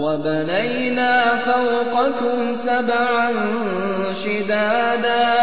وَبَنَيْنَا فَوْقَكُمْ سَبْعًا شِدَادًا